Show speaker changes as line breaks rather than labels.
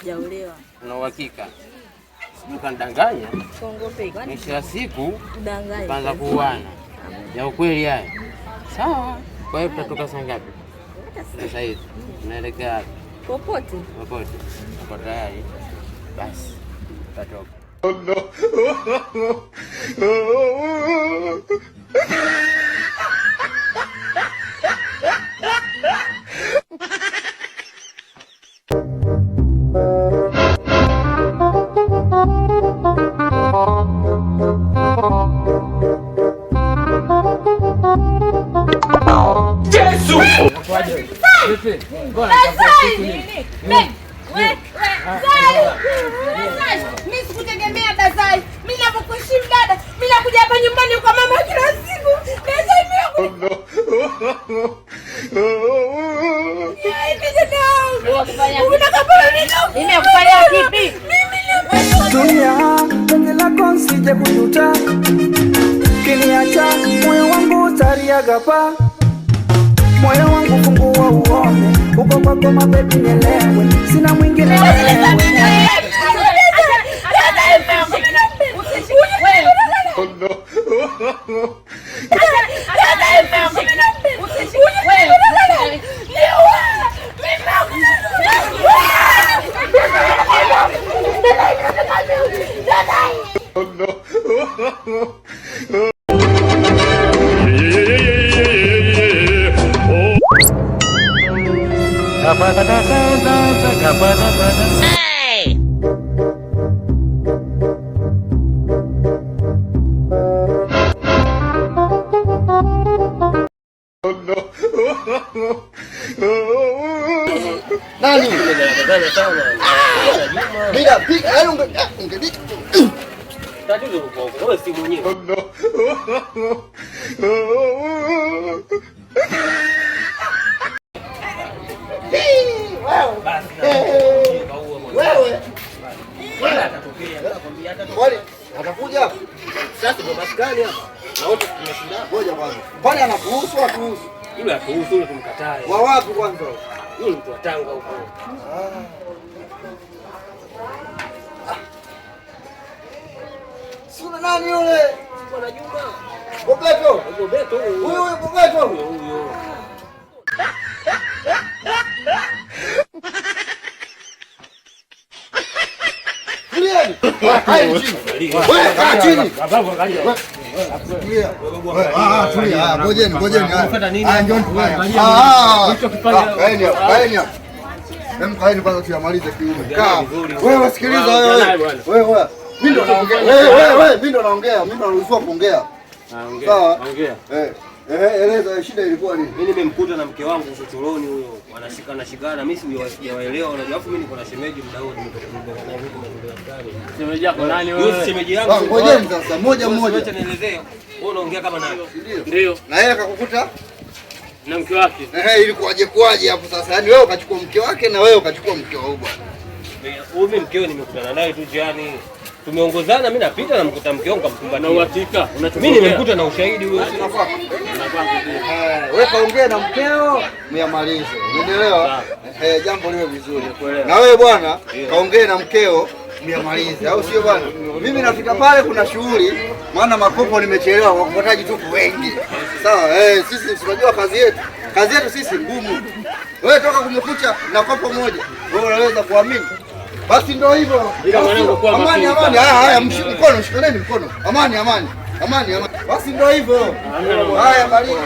Sijaolewa.
Una uhakika? Ukanidanganya. Mwisho wa siku utaanza kuuana. Ya ukweli haya. Sawa. Kwa hiyo tutatoka saa ngapi? Sasa hivi tunaelekea Popote. Popote. Uko tayari? Basi tutatoka.
Oh no. Oh, oh, oh, Mimi sikutegemea dada. nakuja hapa nyumbani kwa mama kila siku. penzi lako kujuta, kiniacha moyo wangu utariagapa, moyo wangu fungua kama baby nielewe, sina mwingine Oh no. 何言ってんだよ、誰だ、誰だ。みんな、ビッグ、あれも、あ、ビッグ。大丈夫だよ、これ、すぐに。Sasa ndo maskani hapa. Na wote tumeshinda. Ngoja kwanza. Kwani anakuhusu au kuhusu? Yule atuhusu, yule tumkatae. Wa wapi kwanza? Yule mtu wa Tanga huko. Ah. Si nani yule? Bwana Juma. Bobeto. Bobeto Huyo huyo Bobeto. Huyo huyo. Sikilieni. Ngojeni, ngojeni. Kaeni kwanza tuyamalize kiume. Wewe sikiliza wewe. Wewe. Mimi ndo naongea. Mimi ndo naongea. Mimi naruhusiwa kuongea. Sawa. Ongea. Eh. Eh, eleza shida ilikuwa nini? Mimi nimemkuta na mke wangu uchochoroni huyo. Wanashikana shikana, mimi sijawaelewa. Unajua afu mimi niko na shemeji muda wote nimetoka Shemeji yako nani wewe? Yule shemeji yangu. Ngoja sasa moja moja. Acha nielezee. Wewe unaongea kama nani? Ndio. Na yeye akakukuta na mke wake. Eh, ilikuwaje kwaje hapo sasa? Yaani wewe ukachukua mke wake na wewe ukachukua mke wa huyo bwana. Mimi mkeo nimekutana naye tu jiani tumeongozana, mimi napita na mkuta mke wangu kamkumbatia. Na uhakika mimi nimekuta na ushahidi huo. Eh, wewe kaongea na mkeo muyamalize, unaelewa? Eh, jambo liwe vizuri. Na wewe bwana, kaongee na mkeo muyamalize, au sio bwana? Mimi nafika pale, kuna shughuli, maana makopo nimechelewa, wakotaji tuko wengi. Sawa, eh, sisi tunajua kazi yetu, kazi yetu sisi ngumu. Wewe toka kumekucha na kopo moja, wewe unaweza kuamini? Basi ndio hivyo. Amani, amani. Haya, haya, mkono shikaneni mkono. Amani, amani. Amani, amani. Basi ndio hivyo. Haya, bariki.